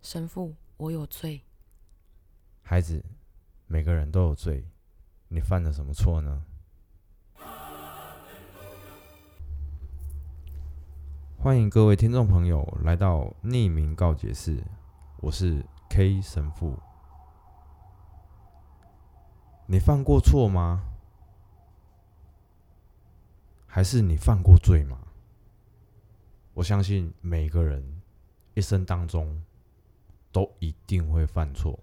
神父，我有罪。孩子，每個人都有罪。你犯了什麼錯呢？歡迎各位聽眾朋友來到匿名告解室，我是 K 神父。你犯過錯嗎？還是你犯過罪嗎？我相信每個人一生當中，都一定會犯錯，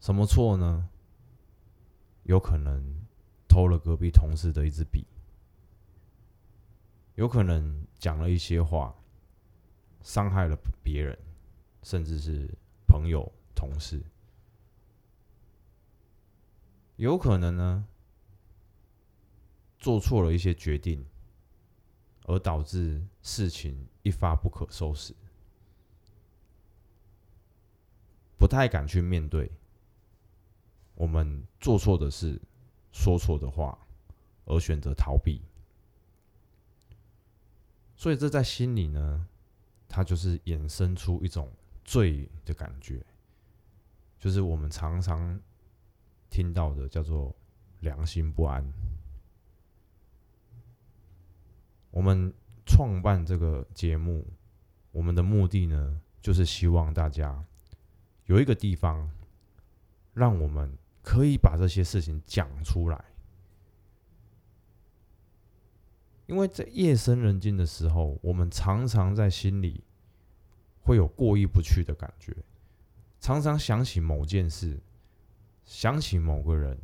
什麼錯呢？有可能偷了隔壁同事的一支筆，有可能講了一些話，傷害了別人，甚至是朋友、同事，有可能呢，做錯了一些決定，而導致事情一發不可收拾。不太敢去面對我們做錯的事、說錯的話，而選擇逃避，所以這在心裡呢，它就是衍生出一種罪的感覺，就是我們常常聽到的叫做良心不安。我們創辦這個節目，我們的目的呢，就是希望大家。有一個地方，讓我們可以把這些事情講出來，因為在夜深人靜的時候，我們常常在心裡會有過意不去的感覺，常常想起某件事，想起某個人，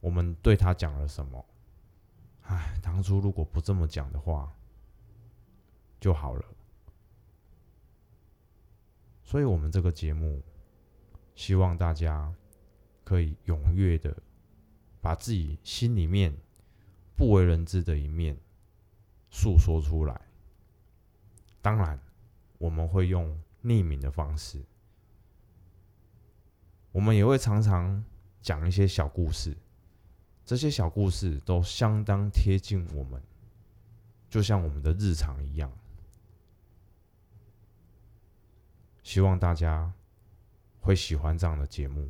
我們對他講了什麼？哎，當初如果不這麼講的話就好了。所以我們這個節目。希望大家可以踴躍的把自己心裡面不為人知的一面訴說出來。當然，我們會用匿名的方式，我們也會常常講一些小故事，這些小故事都相當貼近我們，就像我們的日常一樣。希望大家。會喜歡這樣的節目。